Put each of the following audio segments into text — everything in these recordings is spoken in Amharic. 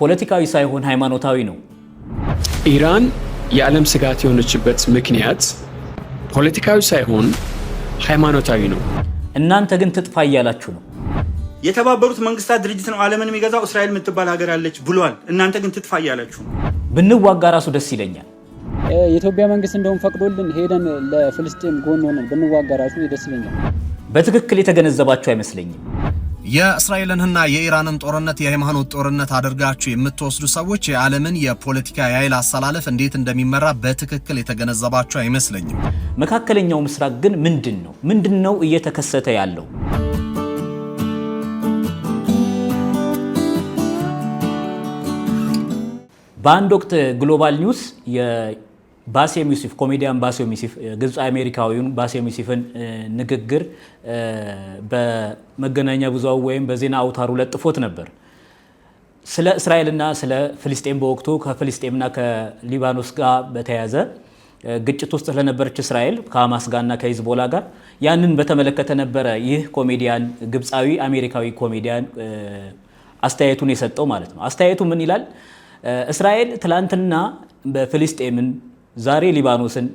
ፖለቲካዊ ሳይሆን ሃይማኖታዊ ነው። ኢራን የዓለም ስጋት የሆነችበት ምክንያት ፖለቲካዊ ሳይሆን ሃይማኖታዊ ነው። እናንተ ግን ትጥፋ እያላችሁ ነው። የተባበሩት መንግስታት ድርጅት ነው ዓለምን የሚገዛው እስራኤል የምትባል ሀገር አለች ብሏል። እናንተ ግን ትጥፋ እያላችሁ ነው። ብንዋጋ ራሱ ደስ ይለኛል። የኢትዮጵያ መንግስት እንደውም ፈቅዶልን ሄደን ለፍልስጤም ጎን ሆነን ብንዋጋ ራሱ ደስ ይለኛል። በትክክል የተገነዘባችሁ አይመስለኝም። የእስራኤልንና የኢራንን ጦርነት የሃይማኖት ጦርነት አድርጋችሁ የምትወስዱ ሰዎች የዓለምን የፖለቲካ የኃይል አሰላለፍ እንዴት እንደሚመራ በትክክል የተገነዘባችሁ አይመስለኝም። መካከለኛው ምስራቅ ግን ምንድን ነው? ምንድን ነው እየተከሰተ ያለው? በአንድ ወቅት ግሎባል ኒውስ ባሴም ዩሲፍ ኮሜዲያን ባሴም ዩሲፍ ግብፅ አሜሪካዊውን ባሴም ዩሲፍን ንግግር በመገናኛ ብዙሃን ወይም በዜና አውታሩ ለጥፎት ነበር። ስለ እስራኤልና ስለ ፍልስጤም በወቅቱ ከፍልስጤምና ከሊባኖስ ጋር በተያያዘ ግጭት ውስጥ ስለነበረች እስራኤል ከሐማስ ጋርና ከሂዝቦላ ጋር ያንን በተመለከተ ነበረ ይህ ኮሜዲያን ግብፃዊ አሜሪካዊ ኮሜዲያን አስተያየቱን የሰጠው ማለት ነው። አስተያየቱ ምን ይላል? እስራኤል ትላንትና በፍልስጤምን ዛሬ ሊባኖስን፣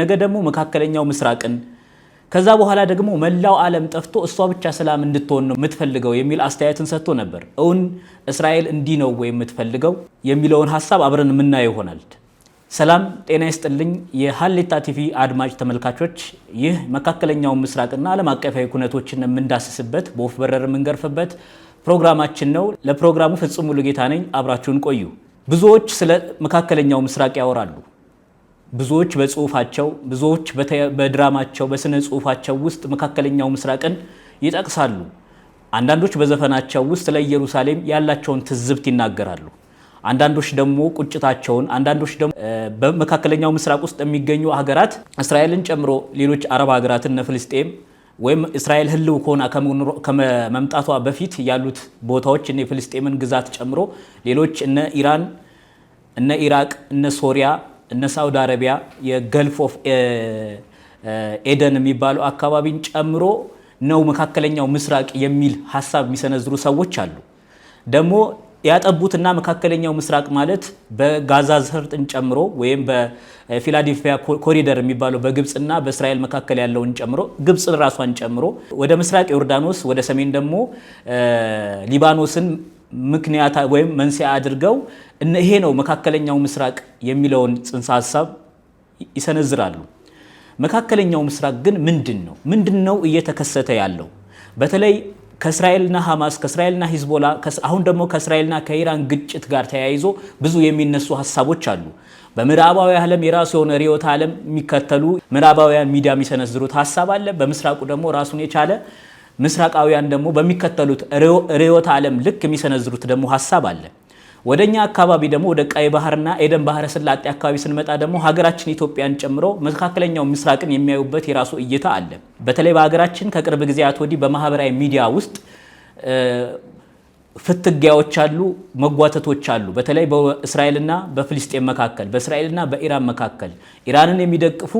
ነገ ደግሞ መካከለኛው ምስራቅን ከዛ በኋላ ደግሞ መላው ዓለም ጠፍቶ እሷ ብቻ ሰላም እንድትሆን ነው የምትፈልገው የሚል አስተያየትን ሰጥቶ ነበር። እውን እስራኤል እንዲህ ነው ወይ የምትፈልገው የሚለውን ሀሳብ አብረን የምናየው ይሆናል። ሰላም ጤና ይስጥልኝ የሀሌታ ቲቪ አድማጭ ተመልካቾች፣ ይህ መካከለኛውን ምስራቅና ዓለም አቀፋዊ ኩነቶችን የምንዳስስበት በወፍ በረር የምንገርፍበት ፕሮግራማችን ነው። ለፕሮግራሙ ፍጹም ጌታ ነኝ። አብራችሁን ቆዩ። ብዙዎች ስለ መካከለኛው ምስራቅ ያወራሉ። ብዙዎች በጽሁፋቸው ብዙዎች በድራማቸው በስነ ጽሁፋቸው ውስጥ መካከለኛው ምስራቅን ይጠቅሳሉ። አንዳንዶች በዘፈናቸው ውስጥ ለኢየሩሳሌም ያላቸውን ትዝብት ይናገራሉ። አንዳንዶች ደግሞ ቁጭታቸውን፣ አንዳንዶች ደግሞ በመካከለኛው ምስራቅ ውስጥ የሚገኙ ሀገራት እስራኤልን ጨምሮ ሌሎች አረብ ሀገራትን እነ ፍልስጤም ወይም እስራኤል ህልው ከሆና ከመምጣቷ በፊት ያሉት ቦታዎች እነ የፍልስጤምን ግዛት ጨምሮ ሌሎች እነ ኢራን፣ እነ ኢራቅ፣ እነ ሶሪያ እነ ሳውዲ አረቢያ የገልፍ ኦፍ ኤደን የሚባለው አካባቢን ጨምሮ ነው መካከለኛው ምስራቅ የሚል ሀሳብ የሚሰነዝሩ ሰዎች አሉ። ደግሞ ያጠቡትና መካከለኛው ምስራቅ ማለት በጋዛ ሰርጥን ጨምሮ ወይም በፊላዴልፊያ ኮሪደር የሚባለው በግብፅና በእስራኤል መካከል ያለውን ጨምሮ ግብፅን ራሷን ጨምሮ ወደ ምስራቅ ዮርዳኖስ፣ ወደ ሰሜን ደግሞ ሊባኖስን ምክንያት ወይም መንስኤ አድርገው ይሄ ነው መካከለኛው ምስራቅ የሚለውን ጽንሰ ሀሳብ ይሰነዝራሉ። መካከለኛው ምስራቅ ግን ምንድን ነው? ምንድን ነው እየተከሰተ ያለው በተለይ ከእስራኤልና ሐማስ ከእስራኤልና ሂዝቦላ አሁን ደግሞ ከእስራኤልና ከኢራን ግጭት ጋር ተያይዞ ብዙ የሚነሱ ሀሳቦች አሉ። በምዕራባዊ ዓለም የራሱ የሆነ ርዕዮተ ዓለም የሚከተሉ ምዕራባውያን ሚዲያ የሚሰነዝሩት ሀሳብ አለ። በምስራቁ ደግሞ ራሱን የቻለ ምስራቃውያን ደግሞ በሚከተሉት ርዕዮተ ዓለም ልክ የሚሰነዝሩት ደግሞ ሀሳብ አለ። ወደ እኛ አካባቢ ደግሞ ወደ ቀይ ባህርና ኤደን ባህረ ስላጤ አካባቢ ስንመጣ ደግሞ ሀገራችን ኢትዮጵያን ጨምሮ መካከለኛው ምስራቅን የሚያዩበት የራሱ እይታ አለ። በተለይ በሀገራችን ከቅርብ ጊዜያት ወዲህ በማህበራዊ ሚዲያ ውስጥ ፍትጊያዎች አሉ፣ መጓተቶች አሉ። በተለይ በእስራኤልና በፍልስጤን መካከል፣ በእስራኤልና በኢራን መካከል ኢራንን የሚደቅፉ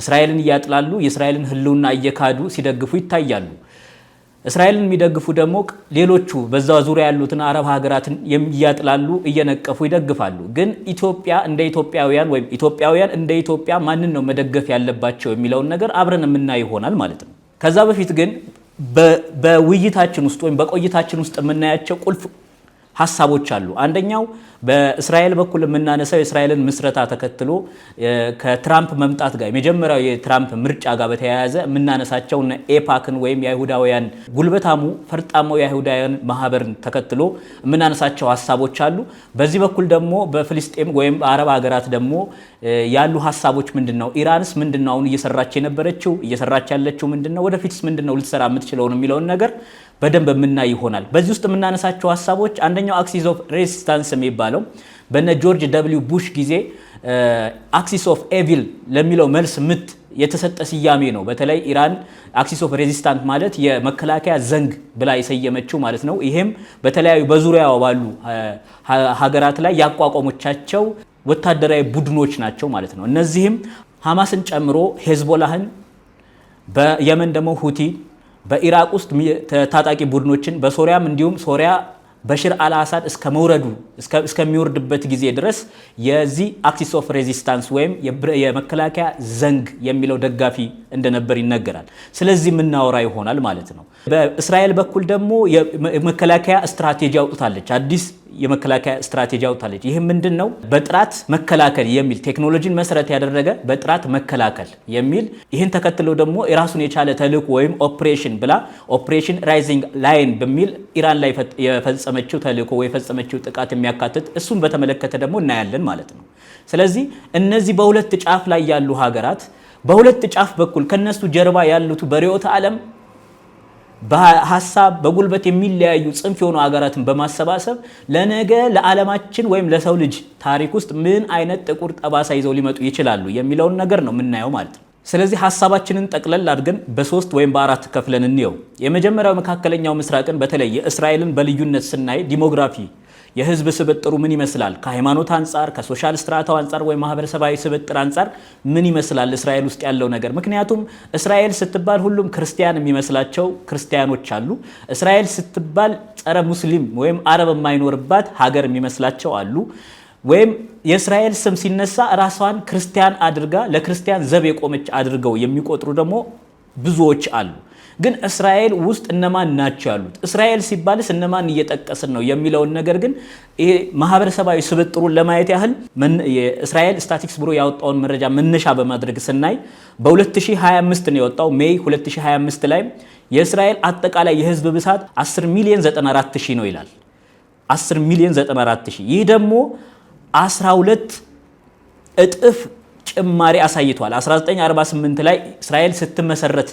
እስራኤልን እያጥላሉ የእስራኤልን ህልውና እየካዱ ሲደግፉ ይታያሉ። እስራኤልን የሚደግፉ ደግሞ ሌሎቹ በዛ ዙሪያ ያሉትን አረብ ሀገራትን እያጥላሉ እየነቀፉ ይደግፋሉ። ግን ኢትዮጵያ እንደ ኢትዮጵያውያን ወይም ኢትዮጵያውያን እንደ ኢትዮጵያ ማንን ነው መደገፍ ያለባቸው የሚለውን ነገር አብረን የምናይ ይሆናል ማለት ነው። ከዛ በፊት ግን በውይይታችን ውስጥ ወይም በቆይታችን ውስጥ የምናያቸው ቁልፍ ሀሳቦች አሉ። አንደኛው በእስራኤል በኩል የምናነሳው የእስራኤልን ምስረታ ተከትሎ ከትራምፕ መምጣት ጋር የመጀመሪያው የትራምፕ ምርጫ ጋር በተያያዘ የምናነሳቸው ኤፓክን ወይም የአይሁዳውያን ጉልበታሙ ፈርጣማው የአይሁዳውያን ማህበርን ተከትሎ የምናነሳቸው ሀሳቦች አሉ። በዚህ በኩል ደግሞ በፍልስጤም ወይም በአረብ ሀገራት ደግሞ ያሉ ሀሳቦች ምንድን ነው? ኢራንስ ምንድን ነው አሁን እየሰራች የነበረችው እየሰራች ያለችው ምንድን ነው? ወደፊትስ ምንድን ነው ልትሰራ የምትችለውን የሚለውን ነገር በደንብ የምናይ ይሆናል። በዚህ ውስጥ የምናነሳቸው ሀሳቦች አንደኛው አክሲስ ኦፍ ሬዚስታንስ የሚባለው በነ ጆርጅ ደብሊው ቡሽ ጊዜ አክሲስ ኦፍ ኤቪል ለሚለው መልስ ምት የተሰጠ ስያሜ ነው። በተለይ ኢራን አክሲስ ኦፍ ሬዚስታንት ማለት የመከላከያ ዘንግ ብላ የሰየመችው ማለት ነው። ይሄም በተለያዩ በዙሪያው ባሉ ሀገራት ላይ ያቋቋሞቻቸው ወታደራዊ ቡድኖች ናቸው ማለት ነው። እነዚህም ሀማስን ጨምሮ ሄዝቦላህን፣ በየመን ደግሞ ሁቲ በኢራቅ ውስጥ ታጣቂ ቡድኖችን በሶሪያም እንዲሁም ሶሪያ በሽር አልአሳድ እስከ መውረዱ እስከሚወርድበት ጊዜ ድረስ የዚህ አክሲስ ኦፍ ሬዚስታንስ ወይም የመከላከያ ዘንግ የሚለው ደጋፊ እንደነበር ይነገራል። ስለዚህ የምናወራ ይሆናል ማለት ነው። በእስራኤል በኩል ደግሞ የመከላከያ ስትራቴጂ አውጥታለች አዲስ የመከላከያ ስትራቴጂ አውጥታለች። ይህ ምንድን ነው? በጥራት መከላከል የሚል ቴክኖሎጂን መሰረት ያደረገ በጥራት መከላከል የሚል ይህን ተከትሎ ደግሞ የራሱን የቻለ ተልእኮ ወይም ኦፕሬሽን ብላ ኦፕሬሽን ራይዚንግ ላይን በሚል ኢራን ላይ የፈጸመችው ተልእኮ ወይ የፈጸመችው ጥቃት የሚያካትት እሱን በተመለከተ ደግሞ እናያለን ማለት ነው። ስለዚህ እነዚህ በሁለት ጫፍ ላይ ያሉ ሀገራት በሁለት ጫፍ በኩል ከነሱ ጀርባ ያሉት በርዕዮተ ዓለም በሀሳብ በጉልበት የሚለያዩ ጽንፍ የሆኑ ሀገራትን በማሰባሰብ ለነገ ለዓለማችን ወይም ለሰው ልጅ ታሪክ ውስጥ ምን አይነት ጥቁር ጠባሳ ይዘው ሊመጡ ይችላሉ የሚለውን ነገር ነው የምናየው ማለት ነው። ስለዚህ ሀሳባችንን ጠቅለል አድርገን በሶስት ወይም በአራት ከፍለን እንየው። የመጀመሪያው መካከለኛው ምስራቅን በተለይ እስራኤልን በልዩነት ስናይ ዲሞግራፊ የህዝብ ስብጥሩ ምን ይመስላል? ከሃይማኖት አንጻር፣ ከሶሻል ስትራታው አንጻር ወይም ማህበረሰባዊ ስብጥር አንጻር ምን ይመስላል እስራኤል ውስጥ ያለው ነገር? ምክንያቱም እስራኤል ስትባል ሁሉም ክርስቲያን የሚመስላቸው ክርስቲያኖች አሉ። እስራኤል ስትባል ጸረ ሙስሊም ወይም አረብ የማይኖርባት ሀገር የሚመስላቸው አሉ። ወይም የእስራኤል ስም ሲነሳ ራሷን ክርስቲያን አድርጋ ለክርስቲያን ዘብ የቆመች አድርገው የሚቆጥሩ ደግሞ ብዙዎች አሉ። ግን እስራኤል ውስጥ እነማን ናቸው ያሉት እስራኤል ሲባልስ እነማን እየጠቀስን ነው የሚለውን ነገር ግን ይሄ ማህበረሰባዊ ስብጥሩን ለማየት ያህል የእስራኤል ስታቲክስ ብሮ ያወጣውን መረጃ መነሻ በማድረግ ስናይ በ2025 ነው የወጣው ሜይ 2025 ላይ የእስራኤል አጠቃላይ የህዝብ ብዛት 10 ሚሊዮን 94 ሺህ ነው ይላል። 10 ሚሊዮን 94 ሺህ ይህ ደግሞ 12 እጥፍ ጭማሪ አሳይቷል። 1948 ላይ እስራኤል ስትመሰረት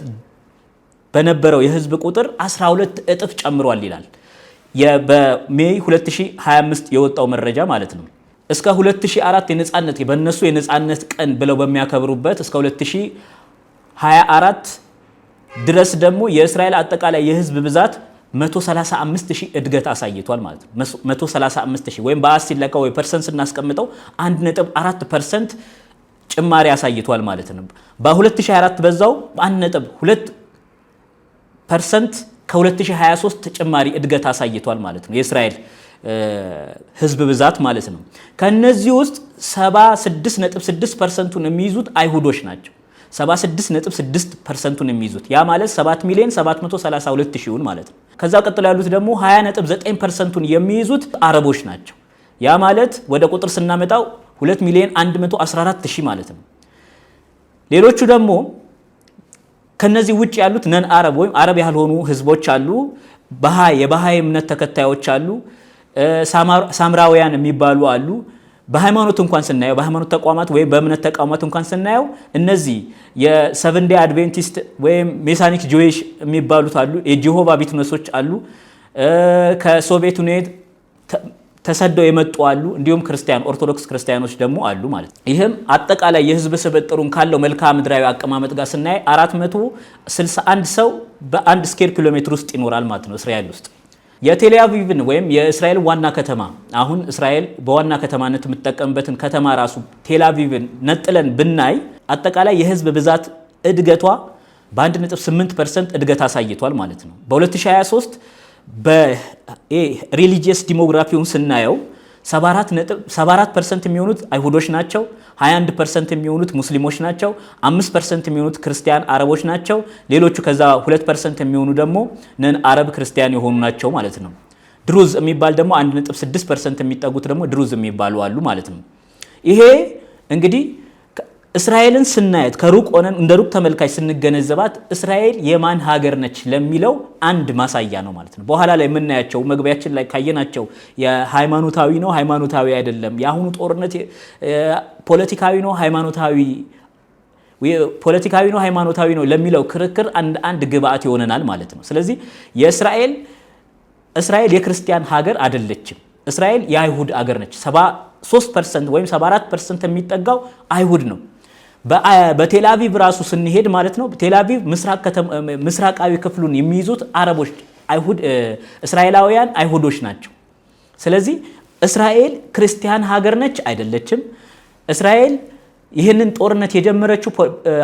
በነበረው የህዝብ ቁጥር 12 እጥፍ ጨምሯል ይላል። በሜይ 2025 የወጣው መረጃ ማለት ነው። እስከ 2004 የነጻነት በእነሱ የነጻነት ቀን ብለው በሚያከብሩበት እስከ 2024 ድረስ ደግሞ የእስራኤል አጠቃላይ የህዝብ ብዛት 135 ሺህ እድገት አሳይቷል ማለት ነው። 135 ሺህ ወይም በአስ ሲለካ ወይ ፐርሰንት ስናስቀምጠው 1.4 ፐርሰንት ጭማሪ አሳይቷል ማለት ነው። በ2024 በዛው 1.2 ፐርሰንት ከ2023 ተጨማሪ እድገት አሳይቷል ማለት ነው። የእስራኤል ህዝብ ብዛት ማለት ነው። ከነዚህ ውስጥ 76.6 ፐርሰንቱን የሚይዙት አይሁዶች ናቸው። 76.6 ፐርሰንቱን የሚይዙት ያ ማለት 7 ሚሊዮን 732 ሺውን ማለት ነው። ከዛ ቀጥሎ ያሉት ደግሞ 20.9 ፐርሰንቱን የሚይዙት አረቦች ናቸው። ያ ማለት ወደ ቁጥር ስናመጣው 2 ሚሊዮን 114 ሺህ ማለት ነው። ሌሎቹ ደግሞ ከነዚህ ውጭ ያሉት ነን አረብ ወይም አረብ ያልሆኑ ህዝቦች አሉ። ባሃይ የባሃይ እምነት ተከታዮች አሉ። ሳምራውያን የሚባሉ አሉ። በሃይማኖት እንኳን ስናየው በሃይማኖት ተቋማት ወይም በእምነት ተቋማት እንኳን ስናየው እነዚህ የሰቨንዴ አድቬንቲስት ወይም ሜሳኒክ ጆይሽ የሚባሉት አሉ። የጄሆቫ ቢትነሶች አሉ። ከሶቪየት ዩኒየን ተሰደው የመጡ አሉ። እንዲሁም ክርስቲያን ኦርቶዶክስ ክርስቲያኖች ደግሞ አሉ ማለት ነው። ይህም አጠቃላይ የህዝብ ስብጥሩን ካለው መልክዓ ምድራዊ አቀማመጥ ጋር ስናይ 461 ሰው በአንድ ስኬር ኪሎ ሜትር ውስጥ ይኖራል ማለት ነው እስራኤል ውስጥ። የቴል ወይም የእስራኤል ዋና ከተማ አሁን እስራኤል በዋና ከተማነት የምትጠቀምበትን ከተማ ራሱ ቴላቪቭን ነጥለን ብናይ አጠቃላይ የህዝብ ብዛት እድገቷ በ1.8 ፐርሰንት እድገት አሳይቷል ማለት ነው በ2023 በሪሊጂየስ ዲሞግራፊውን ስናየው 74 ፐርሰንት የሚሆኑት አይሁዶች ናቸው። 21 ፐርሰንት የሚሆኑት ሙስሊሞች ናቸው። 5 ፐርሰንት የሚሆኑት ክርስቲያን አረቦች ናቸው። ሌሎቹ ከዛ 2 ፐርሰንት የሚሆኑ ደግሞ ነን አረብ ክርስቲያን የሆኑ ናቸው ማለት ነው። ድሩዝ የሚባል ደግሞ 1.6 ፐርሰንት የሚጠጉት ደግሞ ድሩዝ የሚባሉ አሉ ማለት ነው። ይሄ እንግዲህ እስራኤልን ስናየት ከሩቅ ሆነን እንደ ሩቅ ተመልካች ስንገነዘባት እስራኤል የማን ሀገር ነች ለሚለው አንድ ማሳያ ነው ማለት ነው። በኋላ ላይ የምናያቸው መግቢያችን ላይ ካየናቸው የሃይማኖታዊ ነው፣ ሃይማኖታዊ አይደለም፣ የአሁኑ ጦርነት ፖለቲካዊ ነው፣ ሃይማኖታዊ ፖለቲካዊ ነው፣ ሃይማኖታዊ ነው ለሚለው ክርክር አንድ ግብአት ይሆነናል ማለት ነው። ስለዚህ የእስራኤል እስራኤል የክርስቲያን ሀገር አይደለችም። እስራኤል የአይሁድ ሀገር ነች። 73 ፐርሰንት ወይም 74 ፐርሰንት የሚጠጋው አይሁድ ነው። በቴላቪቭ ራሱ ስንሄድ ማለት ነው ቴላቪቭ ምስራቃዊ ክፍሉን የሚይዙት አረቦች፣ እስራኤላውያን አይሁዶች ናቸው። ስለዚህ እስራኤል ክርስቲያን ሀገር ነች አይደለችም? እስራኤል ይህንን ጦርነት የጀመረችው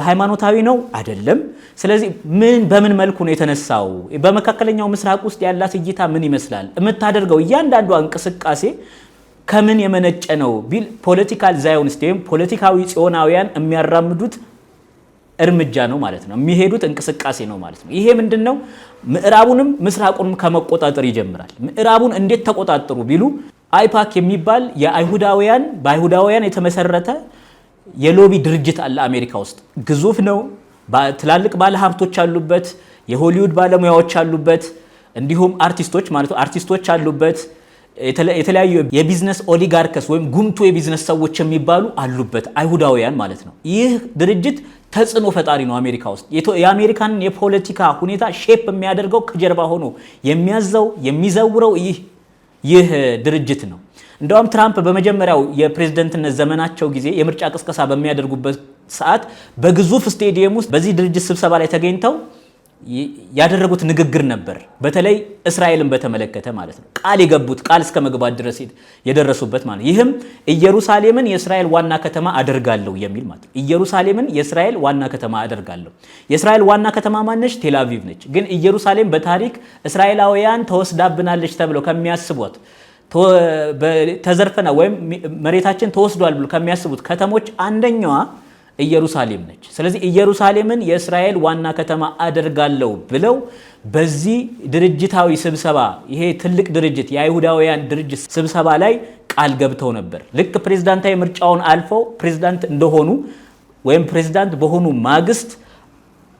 ሃይማኖታዊ ነው አይደለም? ስለዚህ ምን በምን መልኩ ነው የተነሳው? በመካከለኛው ምስራቅ ውስጥ ያላት እይታ ምን ይመስላል? የምታደርገው እያንዳንዷ እንቅስቃሴ ከምን የመነጨ ነው ቢል ፖለቲካል ዛዮኒስት ወይም ፖለቲካዊ ጽዮናውያን የሚያራምዱት እርምጃ ነው ማለት ነው። የሚሄዱት እንቅስቃሴ ነው ማለት ነው። ይሄ ምንድን ነው? ምዕራቡንም ምስራቁንም ከመቆጣጠር ይጀምራል። ምዕራቡን እንዴት ተቆጣጠሩ ቢሉ አይፓክ የሚባል የአይሁዳውያን በአይሁዳውያን የተመሰረተ የሎቢ ድርጅት አለ አሜሪካ ውስጥ። ግዙፍ ነው። ትላልቅ ባለሀብቶች አሉበት። የሆሊውድ ባለሙያዎች አሉበት። እንዲሁም አርቲስቶች ማለት አርቲስቶች አሉበት የተለያዩ የቢዝነስ ኦሊጋርከስ ወይም ጉምቱ የቢዝነስ ሰዎች የሚባሉ አሉበት፣ አይሁዳውያን ማለት ነው። ይህ ድርጅት ተጽዕኖ ፈጣሪ ነው አሜሪካ ውስጥ። የአሜሪካን የፖለቲካ ሁኔታ ሼፕ የሚያደርገው ከጀርባ ሆኖ የሚያዘው የሚዘውረው ይህ ይህ ድርጅት ነው። እንደውም ትራምፕ በመጀመሪያው የፕሬዝደንትነት ዘመናቸው ጊዜ የምርጫ ቅስቀሳ በሚያደርጉበት ሰዓት በግዙፍ ስቴዲየም ውስጥ በዚህ ድርጅት ስብሰባ ላይ ተገኝተው ያደረጉት ንግግር ነበር። በተለይ እስራኤልን በተመለከተ ማለት ነው። ቃል የገቡት ቃል እስከ መግባት ድረስ የደረሱበት ማለት ይህም ኢየሩሳሌምን የእስራኤል ዋና ከተማ አደርጋለሁ የሚል ማለት ነው። ኢየሩሳሌምን የእስራኤል ዋና ከተማ አደርጋለሁ። የእስራኤል ዋና ከተማ ማነች? ቴላቪቭ ነች። ግን ኢየሩሳሌም በታሪክ እስራኤላውያን ተወስዳብናለች ተብለው ከሚያስቧት ተዘርፈና ወይም መሬታችን ተወስዷል ብሎ ከሚያስቡት ከተሞች አንደኛዋ ኢየሩሳሌም ነች። ስለዚህ ኢየሩሳሌምን የእስራኤል ዋና ከተማ አደርጋለሁ ብለው በዚህ ድርጅታዊ ስብሰባ ይሄ ትልቅ ድርጅት የአይሁዳውያን ድርጅት ስብሰባ ላይ ቃል ገብተው ነበር። ልክ ፕሬዝዳንታዊ ምርጫውን አልፈው ፕሬዝዳንት እንደሆኑ ወይም ፕሬዚዳንት በሆኑ ማግስት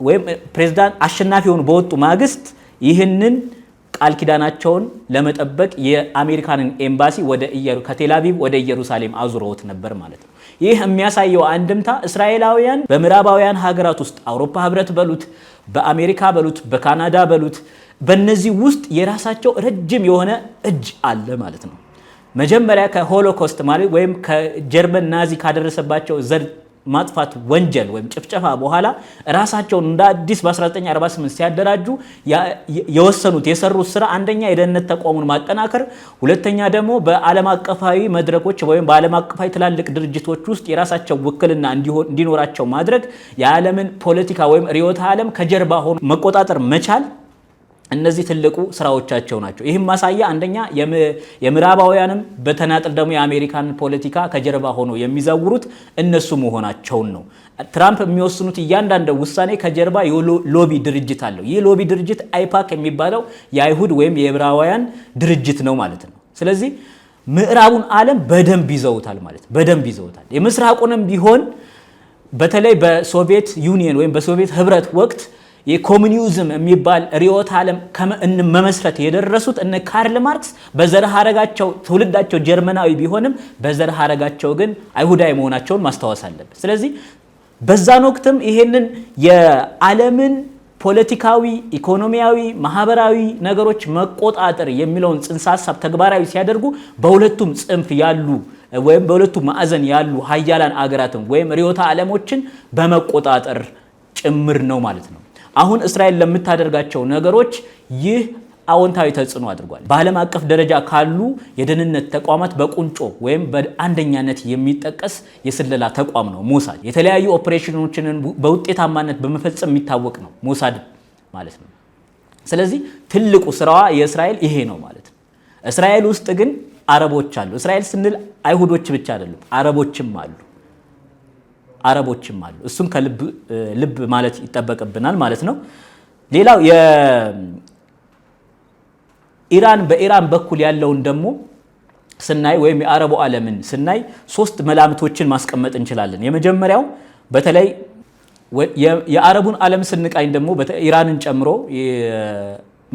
ወይም ፕሬዚዳንት አሸናፊ የሆኑ በወጡ ማግስት ይህንን ቃል ኪዳናቸውን ለመጠበቅ የአሜሪካንን ኤምባሲ ከቴላቪቭ ወደ ኢየሩሳሌም አዙረውት ነበር ማለት ነው። ይህ የሚያሳየው አንድምታ እስራኤላውያን በምዕራባውያን ሀገራት ውስጥ አውሮፓ ህብረት በሉት፣ በአሜሪካ በሉት፣ በካናዳ በሉት በእነዚህ ውስጥ የራሳቸው ረጅም የሆነ እጅ አለ ማለት ነው። መጀመሪያ ከሆሎኮስት ማለት ወይም ከጀርመን ናዚ ካደረሰባቸው ዘር ማጥፋት ወንጀል ወይም ጭፍጨፋ በኋላ ራሳቸውን እንደ አዲስ በ1948 ሲያደራጁ የወሰኑት የሰሩት ስራ አንደኛ የደህንነት ተቋሙን ማጠናከር፣ ሁለተኛ ደግሞ በዓለም አቀፋዊ መድረኮች ወይም በዓለም አቀፋዊ ትላልቅ ድርጅቶች ውስጥ የራሳቸው ውክልና እንዲኖራቸው ማድረግ፣ የዓለምን ፖለቲካ ወይም ርዕዮተ ዓለም ከጀርባ ሆኖ መቆጣጠር መቻል እነዚህ ትልቁ ስራዎቻቸው ናቸው። ይህም ማሳያ አንደኛ የምዕራባውያንም በተናጥል ደግሞ የአሜሪካን ፖለቲካ ከጀርባ ሆኖ የሚዘውሩት እነሱ መሆናቸውን ነው። ትራምፕ የሚወስኑት እያንዳንዱ ውሳኔ ከጀርባ ሎቢ ድርጅት አለው። ይህ ሎቢ ድርጅት አይፓክ የሚባለው የአይሁድ ወይም የዕብራውያን ድርጅት ነው ማለት ነው። ስለዚህ ምዕራቡን ዓለም በደንብ ይዘውታል ማለት በደንብ ይዘውታል። የምስራቁንም ቢሆን በተለይ በሶቪየት ዩኒየን ወይም በሶቪየት ህብረት ወቅት የኮሚኒዝም የሚባል ሪዮት ዓለም መመስረት የደረሱት እነ ካርል ማርክስ በዘር ሐረጋቸው ትውልዳቸው ጀርመናዊ ቢሆንም በዘር ሐረጋቸው ግን አይሁዳዊ መሆናቸውን ማስታወስ አለብን። ስለዚህ በዛን ወቅትም ይሄንን የዓለምን ፖለቲካዊ፣ ኢኮኖሚያዊ፣ ማህበራዊ ነገሮች መቆጣጠር የሚለውን ጽንሰ ሀሳብ ተግባራዊ ሲያደርጉ በሁለቱም ጽንፍ ያሉ ወይም በሁለቱም ማዕዘን ያሉ ሀያላን አገራትን ወይም ሪዮታ ዓለሞችን በመቆጣጠር ጭምር ነው ማለት ነው። አሁን እስራኤል ለምታደርጋቸው ነገሮች ይህ አዎንታዊ ተጽዕኖ አድርጓል። በዓለም አቀፍ ደረጃ ካሉ የደህንነት ተቋማት በቁንጮ ወይም በአንደኛነት የሚጠቀስ የስለላ ተቋም ነው ሞሳድ። የተለያዩ ኦፕሬሽኖችንን በውጤታማነት በመፈጸም የሚታወቅ ነው ሞሳድ ማለት ነው። ስለዚህ ትልቁ ስራዋ የእስራኤል ይሄ ነው ማለት ነው። እስራኤል ውስጥ ግን አረቦች አሉ። እስራኤል ስንል አይሁዶች ብቻ አይደሉም፣ አረቦችም አሉ። አረቦችም አሉ። እሱም ከልብ ልብ ማለት ይጠበቅብናል ማለት ነው። ሌላው የኢራን በኢራን በኩል ያለውን ደግሞ ስናይ ወይም የአረቡ ዓለምን ስናይ ሶስት መላምቶችን ማስቀመጥ እንችላለን። የመጀመሪያው በተለይ የአረቡን ዓለም ስንቃኝ ደግሞ ኢራንን ጨምሮ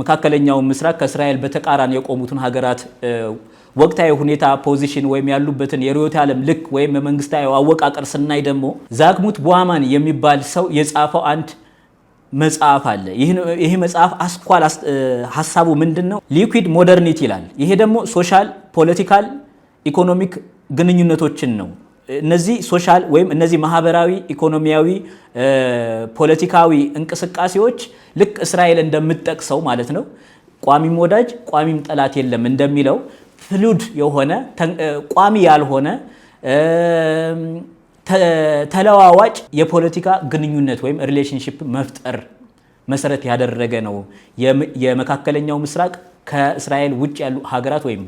መካከለኛውን ምስራቅ ከእስራኤል በተቃራኒ የቆሙትን ሀገራት ወቅታዊ ሁኔታ ፖዚሽን ወይም ያሉበትን የርዕዮተ ዓለም ልክ ወይም የመንግስታዊ አወቃቀር ስናይ ደግሞ ዛግሙት ቧማን የሚባል ሰው የጻፈው አንድ መጽሐፍ አለ። ይህ መጽሐፍ አስኳል ሀሳቡ ምንድን ነው? ሊኩዊድ ሞደርኒቲ ይላል። ይሄ ደግሞ ሶሻል፣ ፖለቲካል፣ ኢኮኖሚክ ግንኙነቶችን ነው። እነዚህ ሶሻል ወይም እነዚህ ማህበራዊ፣ ኢኮኖሚያዊ፣ ፖለቲካዊ እንቅስቃሴዎች ልክ እስራኤል እንደምትጠቅሰው ማለት ነው ቋሚም ወዳጅ ቋሚም ጠላት የለም እንደሚለው ፍሉድ የሆነ ቋሚ ያልሆነ ተለዋዋጭ የፖለቲካ ግንኙነት ወይም ሪሌሽንሽፕ መፍጠር መሰረት ያደረገ ነው። የመካከለኛው ምስራቅ ከእስራኤል ውጭ ያሉ ሀገራት ወይም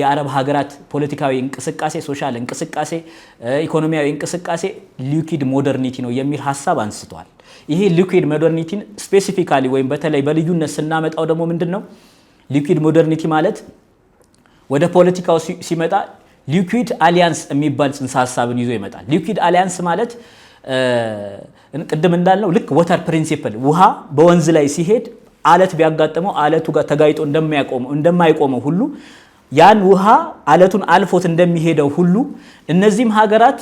የአረብ ሀገራት ፖለቲካዊ እንቅስቃሴ፣ ሶሻል እንቅስቃሴ፣ ኢኮኖሚያዊ እንቅስቃሴ ሊኩድ ሞደርኒቲ ነው የሚል ሀሳብ አንስቷል። ይሄ ሊኩድ ሞደርኒቲን ስፔሲፊካሊ ወይም በተለይ በልዩነት ስናመጣው ደግሞ ምንድን ነው ሊኩድ ሞደርኒቲ ማለት ወደ ፖለቲካው ሲመጣ ሊኩዊድ አሊያንስ የሚባል ጽንሰ ሀሳብን ይዞ ይመጣል። ሊኩዊድ አሊያንስ ማለት ቅድም እንዳልነው ልክ ወተር ፕሪንሲፕል ውሃ በወንዝ ላይ ሲሄድ አለት ቢያጋጥመው አለቱ ጋር ተጋይጦ እንደማይቆመው ሁሉ ያን ውሃ አለቱን አልፎት እንደሚሄደው ሁሉ እነዚህም ሀገራት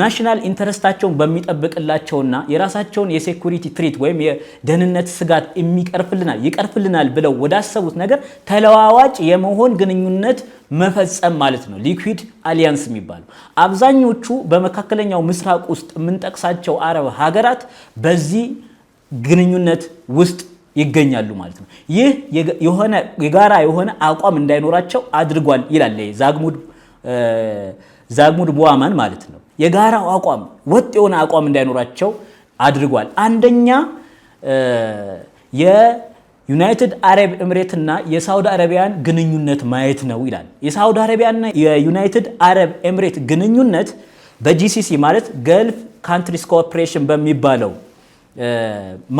ናሽናል ኢንተረስታቸውን በሚጠብቅላቸውና የራሳቸውን የሴኩሪቲ ትሪት ወይም የደህንነት ስጋት የሚቀርፍልናል ይቀርፍልናል ብለው ወዳሰቡት ነገር ተለዋዋጭ የመሆን ግንኙነት መፈጸም ማለት ነው፣ ሊኩዊድ አሊያንስ የሚባለው። አብዛኞቹ በመካከለኛው ምስራቅ ውስጥ የምንጠቅሳቸው አረብ ሀገራት በዚህ ግንኙነት ውስጥ ይገኛሉ ማለት ነው። ይህ የሆነ የጋራ የሆነ አቋም እንዳይኖራቸው አድርጓል ይላል ዛግሙድ ዛግሙድ ቦዋማን ማለት ነው። የጋራው አቋም ወጥ የሆነ አቋም እንዳይኖራቸው አድርጓል። አንደኛ የዩናይትድ አረብ ኤምሬትና የሳውዲ አረቢያን ግንኙነት ማየት ነው ይላል። የሳውዲ አረቢያና የዩናይትድ አረብ ኤምሬት ግንኙነት በጂሲሲ ማለት ገልፍ ካንትሪስ ኮኦፕሬሽን በሚባለው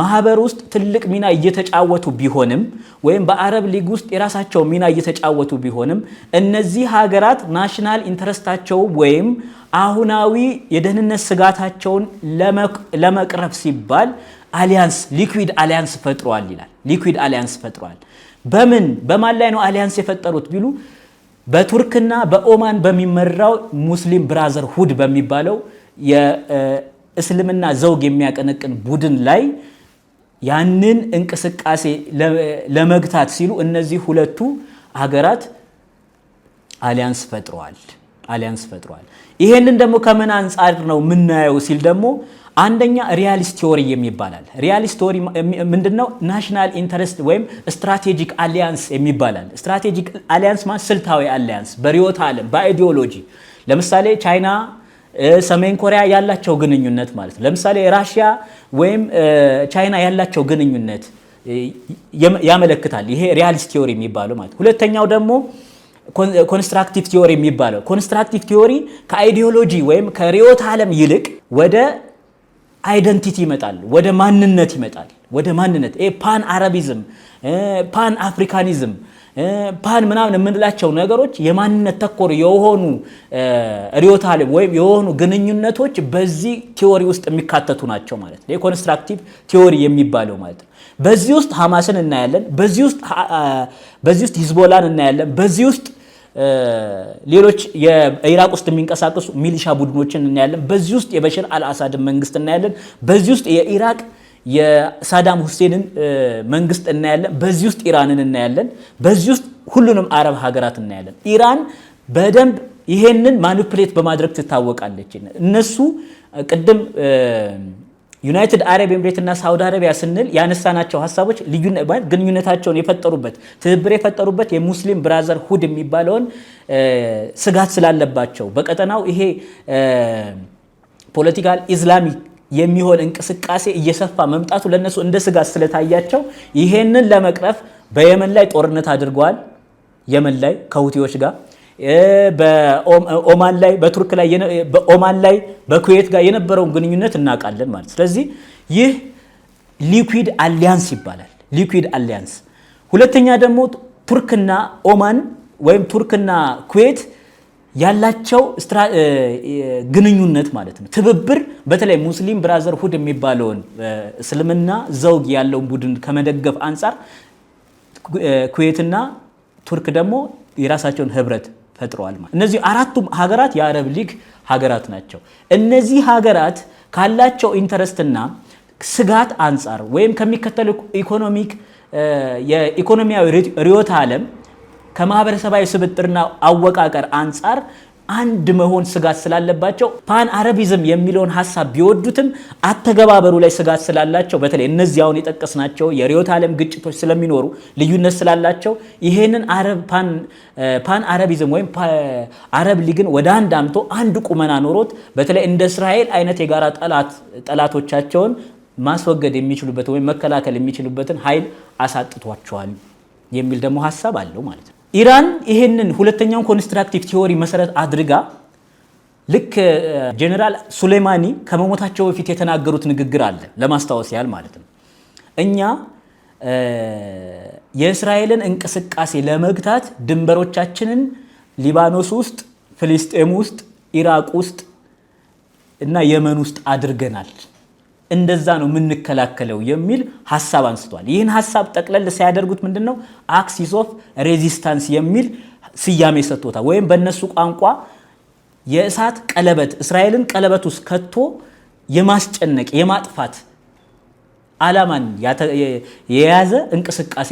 ማህበር ውስጥ ትልቅ ሚና እየተጫወቱ ቢሆንም ወይም በአረብ ሊግ ውስጥ የራሳቸው ሚና እየተጫወቱ ቢሆንም እነዚህ ሀገራት ናሽናል ኢንተረስታቸው ወይም አሁናዊ የደህንነት ስጋታቸውን ለመቅረፍ ሲባል አሊያንስ ሊኩዊድ አሊያንስ ፈጥሯል ይላል። ሊኩዊድ አሊያንስ ፈጥሯል። በምን በማን ላይ ነው አሊያንስ የፈጠሩት ቢሉ በቱርክና በኦማን በሚመራው ሙስሊም ብራዘር ሁድ በሚባለው እስልምና ዘውግ የሚያቀነቅን ቡድን ላይ ያንን እንቅስቃሴ ለመግታት ሲሉ እነዚህ ሁለቱ ሀገራት አሊያንስ ፈጥረዋል አሊያንስ ፈጥረዋል። ይሄንን ደግሞ ከምን አንጻር ነው የምናየው ሲል ደግሞ አንደኛ ሪያሊስት ቲዎሪ የሚባላል። ሪያሊስት ቲዎሪ ምንድነው? ናሽናል ኢንተረስት ወይም ስትራቴጂክ አሊያንስ የሚባላል። ስትራቴጂክ አሊያንስ ማለት ስልታዊ አሊያንስ በርዕዮተ ዓለም በአይዲዮሎጂ ለምሳሌ ቻይና ሰሜን ኮሪያ ያላቸው ግንኙነት ማለት ነው። ለምሳሌ ራሽያ ወይም ቻይና ያላቸው ግንኙነት ያመለክታል። ይሄ ሪያሊስት ቲዮሪ የሚባለው ማለት። ሁለተኛው ደግሞ ኮንስትራክቲቭ ቲዮሪ የሚባለው ኮንስትራክቲቭ ቲዮሪ ከአይዲዮሎጂ ወይም ከሪዮት ዓለም ይልቅ ወደ አይደንቲቲ ይመጣል፣ ወደ ማንነት ይመጣል። ወደ ማንነት ፓን አረቢዝም፣ ፓን አፍሪካኒዝም ፓን ምናምን የምንላቸው ነገሮች የማንነት ተኮር የሆኑ ርዕዮተ ዓለም ወይም የሆኑ ግንኙነቶች በዚህ ቲዎሪ ውስጥ የሚካተቱ ናቸው ማለት ነው። የኮንስትራክቲቭ ቲዎሪ የሚባለው ማለት ነው። በዚህ ውስጥ ሐማስን እናያለን። በዚህ ውስጥ ሂዝቦላን እናያለን። በዚህ ውስጥ ሌሎች የኢራቅ ውስጥ የሚንቀሳቀሱ ሚሊሻ ቡድኖችን እናያለን። በዚህ ውስጥ የበሽር አልአሳድን መንግስት እናያለን። በዚህ ውስጥ የኢራቅ የሳዳም ሁሴንን መንግስት እናያለን። በዚህ ውስጥ ኢራንን እናያለን። በዚህ ውስጥ ሁሉንም አረብ ሀገራት እናያለን። ኢራን በደንብ ይሄንን ማኒፕሌት በማድረግ ትታወቃለች። እነሱ ቅድም ዩናይትድ አረብ ኤምሬት እና ሳውዲ አረቢያ ስንል ያነሳናቸው ሀሳቦች ግንኙነታቸውን የፈጠሩበት ትብብር የፈጠሩበት የሙስሊም ብራዘር ሁድ የሚባለውን ስጋት ስላለባቸው በቀጠናው ይሄ ፖለቲካል ኢስላሚክ የሚሆን እንቅስቃሴ እየሰፋ መምጣቱ ለነሱ እንደ ስጋት ስለታያቸው ይሄንን ለመቅረፍ በየመን ላይ ጦርነት አድርገዋል። የመን ላይ ከሁቲዎች ጋር በኦማን ላይ በቱርክ ላይ በኦማን ላይ በኩዌት ጋር የነበረውን ግንኙነት እናውቃለን ማለት። ስለዚህ ይህ ሊኩዊድ አሊያንስ ይባላል። ሊኩዊድ አሊያንስ። ሁለተኛ ደግሞ ቱርክና ኦማን ወይም ቱርክና ኩዌት ያላቸው ግንኙነት ማለት ነው። ትብብር በተለይ ሙስሊም ብራዘርሁድ የሚባለውን እስልምና ዘውግ ያለውን ቡድን ከመደገፍ አንጻር ኩዌትና ቱርክ ደግሞ የራሳቸውን ህብረት ፈጥረዋል። ማለት እነዚህ አራቱም ሀገራት የአረብ ሊግ ሀገራት ናቸው። እነዚህ ሀገራት ካላቸው ኢንተረስትና ስጋት አንጻር ወይም ከሚከተሉ ኢኮኖሚክ የኢኮኖሚያዊ ርዕዮተ ዓለም ከማህበረሰባዊ ስብጥርና አወቃቀር አንጻር አንድ መሆን ስጋት ስላለባቸው ፓን አረቢዝም የሚለውን ሀሳብ ቢወዱትም አተገባበሩ ላይ ስጋት ስላላቸው በተለይ እነዚህ አሁን የጠቀስናቸው የርዕዮተ ዓለም ግጭቶች ስለሚኖሩ ልዩነት ስላላቸው ይሄንን ፓን አረቢዝም ወይም አረብ ሊግን ወደ አንድ አምቶ አንድ ቁመና ኖሮት በተለይ እንደ እስራኤል አይነት የጋራ ጠላቶቻቸውን ማስወገድ የሚችሉበትን ወይም መከላከል የሚችሉበትን ኃይል አሳጥቷቸዋል የሚል ደግሞ ሀሳብ አለው ማለት ነው። ኢራን ይሄንን ሁለተኛውን ኮንስትራክቲቭ ቲዎሪ መሰረት አድርጋ ልክ ጀነራል ሱሌማኒ ከመሞታቸው በፊት የተናገሩት ንግግር አለ ለማስታወስ ያህል ማለት ነው። እኛ የእስራኤልን እንቅስቃሴ ለመግታት ድንበሮቻችንን ሊባኖስ ውስጥ፣ ፍልስጤም ውስጥ፣ ኢራቅ ውስጥ እና የመን ውስጥ አድርገናል። እንደዛ ነው የምንከላከለው የሚል ሀሳብ አንስቷል። ይህን ሀሳብ ጠቅለል ሳያደርጉት ምንድን ነው አክሲስ ኦፍ ሬዚስታንስ የሚል ስያሜ ሰጥቶታል። ወይም በእነሱ ቋንቋ የእሳት ቀለበት እስራኤልን ቀለበት ውስጥ ከቶ የማስጨነቅ የማጥፋት ዓላማን የያዘ እንቅስቃሴ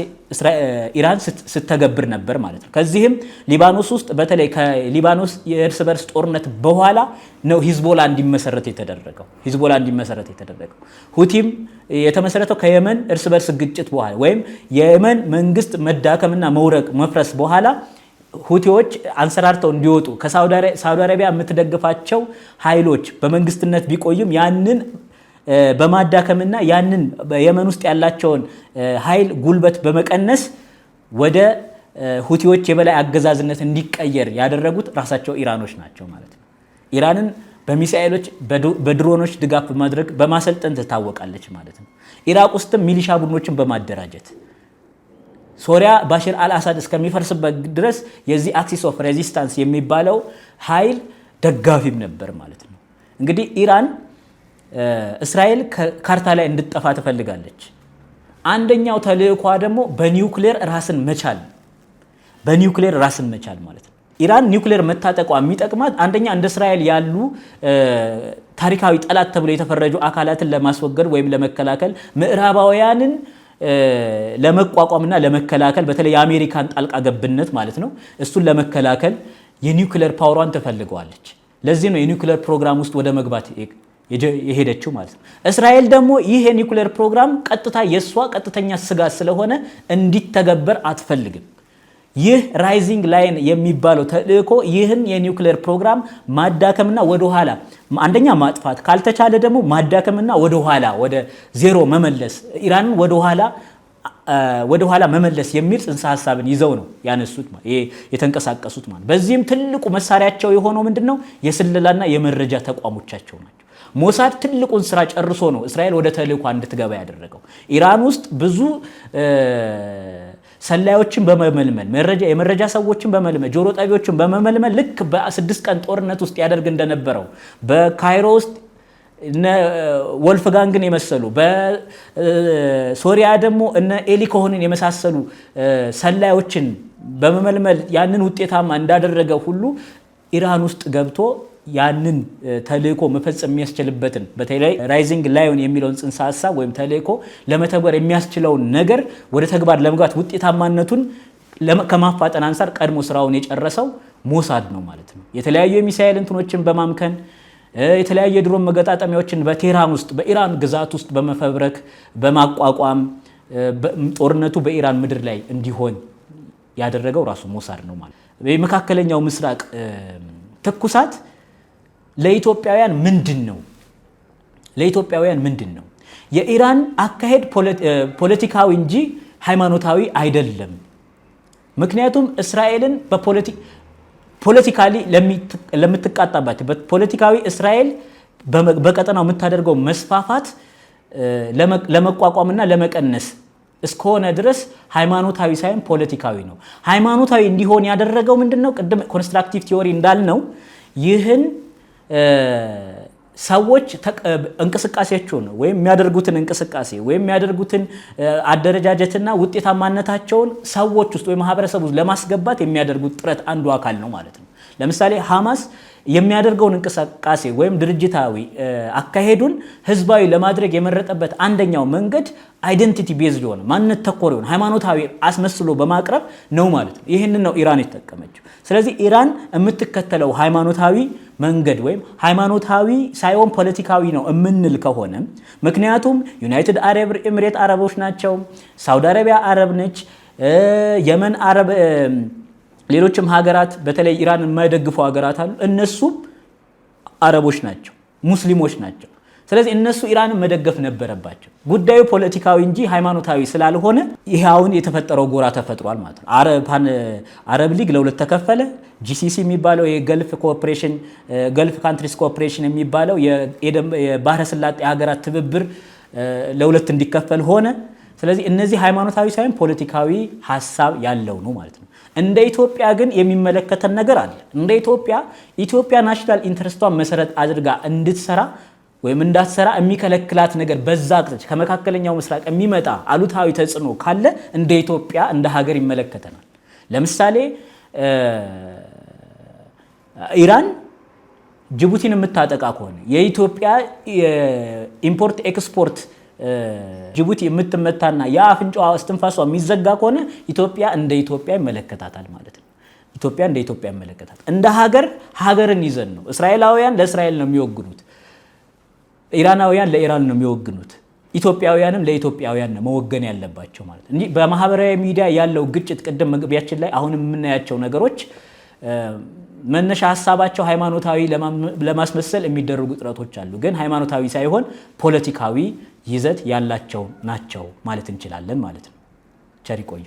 ኢራን ስተገብር ነበር ማለት ነው። ከዚህም ሊባኖስ ውስጥ በተለይ ከሊባኖስ የእርስ በርስ ጦርነት በኋላ ነው ሂዝቦላ እንዲመሰረት የተደረገው ሂዝቦላ እንዲመሰረት የተደረገው ሁቲም የተመሰረተው ከየመን እርስ በርስ ግጭት በኋላ ወይም የየመን መንግስት መዳከምና መውረቅ መፍረስ በኋላ ሁቲዎች አንሰራርተው እንዲወጡ ከሳውዲ አረቢያ የምትደግፋቸው ኃይሎች በመንግስትነት ቢቆዩም ያንን በማዳከምና ያንን የመን ውስጥ ያላቸውን ኃይል ጉልበት በመቀነስ ወደ ሁቲዎች የበላይ አገዛዝነት እንዲቀየር ያደረጉት ራሳቸው ኢራኖች ናቸው ማለት ነው። ኢራንን በሚሳኤሎች በድሮኖች ድጋፍ በማድረግ በማሰልጠን ትታወቃለች ማለት ነው። ኢራቅ ውስጥም ሚሊሻ ቡድኖችን በማደራጀት ሶሪያ ባሽር አልአሳድ እስከሚፈርስበት ድረስ የዚህ አክሲስ ኦፍ ሬዚስታንስ የሚባለው ኃይል ደጋፊም ነበር ማለት ነው። እንግዲህ ኢራን እስራኤል ካርታ ላይ እንድጠፋ ትፈልጋለች። አንደኛው ተልእኳ ደግሞ በኒውክሌር ራስን መቻል በኒውክሌር ራስን መቻል ማለት ነው። ኢራን ኒውክሌር መታጠቋ የሚጠቅማት አንደኛ እንደ እስራኤል ያሉ ታሪካዊ ጠላት ተብሎ የተፈረጁ አካላትን ለማስወገድ ወይም ለመከላከል ምዕራባውያንን ለመቋቋምና ለመከላከል በተለይ የአሜሪካን ጣልቃ ገብነት ማለት ነው። እሱን ለመከላከል የኒውክሌር ፓወሯን ትፈልገዋለች። ለዚህ ነው የኒውክሌር ፕሮግራም ውስጥ ወደ መግባት የሄደችው ማለት ነው። እስራኤል ደግሞ ይህ የኒኩሌር ፕሮግራም ቀጥታ የእሷ ቀጥተኛ ስጋት ስለሆነ እንዲተገበር አትፈልግም። ይህ ራይዚንግ ላይን የሚባለው ተልእኮ ይህን የኒውክሌር ፕሮግራም ማዳከምና ወደኋላ አንደኛ ማጥፋት ካልተቻለ ደግሞ ማዳከምና ወደኋላ ወደ ዜሮ መመለስ ኢራንን ወደኋላ ወደኋላ መመለስ የሚል ጽንሰ ሀሳብን ይዘው ነው ያነሱት የተንቀሳቀሱት ማለት። በዚህም ትልቁ መሳሪያቸው የሆነው ምንድን ነው? የስለላና የመረጃ ተቋሞቻቸው ናቸው። ሞሳድ ትልቁን ስራ ጨርሶ ነው እስራኤል ወደ ተልእኳ እንድትገባ ያደረገው። ኢራን ውስጥ ብዙ ሰላዮችን በመመልመል የመረጃ ሰዎችን በመልመል ጆሮ ጠቢዎችን በመመልመል ልክ በስድስት ቀን ጦርነት ውስጥ ያደርግ እንደነበረው በካይሮ ውስጥ እነ ወልፍጋንግን የመሰሉ በሶሪያ ደግሞ እነ ኤሊ ኮሆንን የመሳሰሉ ሰላዮችን በመመልመል ያንን ውጤታማ እንዳደረገ ሁሉ ኢራን ውስጥ ገብቶ ያንን ተልእኮ መፈጸም የሚያስችልበትን በተለይ ራይዚንግ ላዮን የሚለውን ጽንሰ ሀሳብ ወይም ተልእኮ ለመተግበር የሚያስችለውን ነገር ወደ ተግባር ለመግባት ውጤታማነቱን ከማፋጠን አንጻር ቀድሞ ስራውን የጨረሰው ሞሳድ ነው ማለት ነው። የተለያዩ የሚሳኤል እንትኖችን በማምከን የተለያዩ የድሮን መገጣጠሚያዎችን በቴህራን ውስጥ በኢራን ግዛት ውስጥ በመፈብረክ በማቋቋም ጦርነቱ በኢራን ምድር ላይ እንዲሆን ያደረገው ራሱ ሞሳድ ነው ማለት። የመካከለኛው ምስራቅ ትኩሳት ለኢትዮጵያውያን ምንድን ነው? ለኢትዮጵያውያን ምንድን ነው? የኢራን አካሄድ ፖለቲካዊ እንጂ ሃይማኖታዊ አይደለም። ምክንያቱም እስራኤልን ፖለቲካሊ ለምትቃጣባቸው ፖለቲካዊ እስራኤል በቀጠናው የምታደርገው መስፋፋት ለመቋቋምና ለመቀነስ እስከሆነ ድረስ ሃይማኖታዊ ሳይሆን ፖለቲካዊ ነው። ሃይማኖታዊ እንዲሆን ያደረገው ምንድን ነው? ቅድም ኮንስትራክቲቭ ቲዎሪ እንዳልነው ይህን ሰዎች እንቅስቃሴያቸውን ወይም የሚያደርጉትን እንቅስቃሴ ወይም የሚያደርጉትን አደረጃጀትና ውጤታማነታቸውን ሰዎች ውስጥ ወይም ማህበረሰብ ውስጥ ለማስገባት የሚያደርጉት ጥረት አንዱ አካል ነው ማለት ነው። ለምሳሌ ሐማስ የሚያደርገውን እንቅስቃሴ ወይም ድርጅታዊ አካሄዱን ህዝባዊ ለማድረግ የመረጠበት አንደኛው መንገድ አይደንቲቲ ቤዝድ የሆነ ማንነት ተኮር የሆነ ሃይማኖታዊ አስመስሎ በማቅረብ ነው ማለት ነው። ይህንን ነው ኢራን የተጠቀመችው። ስለዚህ ኢራን የምትከተለው ሃይማኖታዊ መንገድ ወይም ሃይማኖታዊ ሳይሆን ፖለቲካዊ ነው የምንል ከሆነ ምክንያቱም ዩናይትድ አረብ ኤምሬት አረቦች ናቸው፣ ሳውዲ አረቢያ አረብ ነች፣ የመን አረብ ሌሎችም ሀገራት በተለይ ኢራንን የማይደግፉ ሀገራት አሉ። እነሱም አረቦች ናቸው፣ ሙስሊሞች ናቸው። ስለዚህ እነሱ ኢራንን መደገፍ ነበረባቸው። ጉዳዩ ፖለቲካዊ እንጂ ሃይማኖታዊ ስላልሆነ ይህ አሁን የተፈጠረው ጎራ ተፈጥሯል ማለት ነው። አረብ ሊግ ለሁለት ተከፈለ። ጂሲሲ የሚባለው የገልፍ ኮኦፕሬሽን ገልፍ ካንትሪስ ኮኦፕሬሽን የሚባለው የባህረ ስላጤ ሀገራት ትብብር ለሁለት እንዲከፈል ሆነ። ስለዚህ እነዚህ ሃይማኖታዊ ሳይሆን ፖለቲካዊ ሀሳብ ያለው ነው ማለት ነው። እንደ ኢትዮጵያ ግን የሚመለከተን ነገር አለ። እንደ ኢትዮጵያ ኢትዮጵያ ናሽናል ኢንተረስቷን መሰረት አድርጋ እንድትሰራ ወይም እንዳትሰራ የሚከለክላት ነገር በዛ ቅጥች ከመካከለኛው ምስራቅ የሚመጣ አሉታዊ ተጽዕኖ ካለ እንደ ኢትዮጵያ እንደ ሀገር ይመለከተናል። ለምሳሌ ኢራን ጅቡቲን የምታጠቃ ከሆነ የኢትዮጵያ ኢምፖርት ኤክስፖርት ጅቡቲ የምትመታና የአፍንጫዋ እስትንፋሷ የሚዘጋ ከሆነ ኢትዮጵያ እንደ ኢትዮጵያ ይመለከታታል ማለት ነው። ኢትዮጵያ እንደ ኢትዮጵያ ይመለከታል። እንደ ሀገር ሀገርን ይዘን ነው። እስራኤላውያን ለእስራኤል ነው የሚወግኑት። ኢራናውያን ለኢራን ነው የሚወግኑት። ኢትዮጵያውያንም ለኢትዮጵያውያን ነው መወገን ያለባቸው ማለት እንጂ በማህበራዊ ሚዲያ ያለው ግጭት ቅድም መግቢያችን ላይ አሁንም የምናያቸው ነገሮች መነሻ ሀሳባቸው ሃይማኖታዊ ለማስመሰል የሚደረጉ ጥረቶች አሉ። ግን ሃይማኖታዊ ሳይሆን ፖለቲካዊ ይዘት ያላቸው ናቸው ማለት እንችላለን ማለት ነው። ቸር ይቆዩ።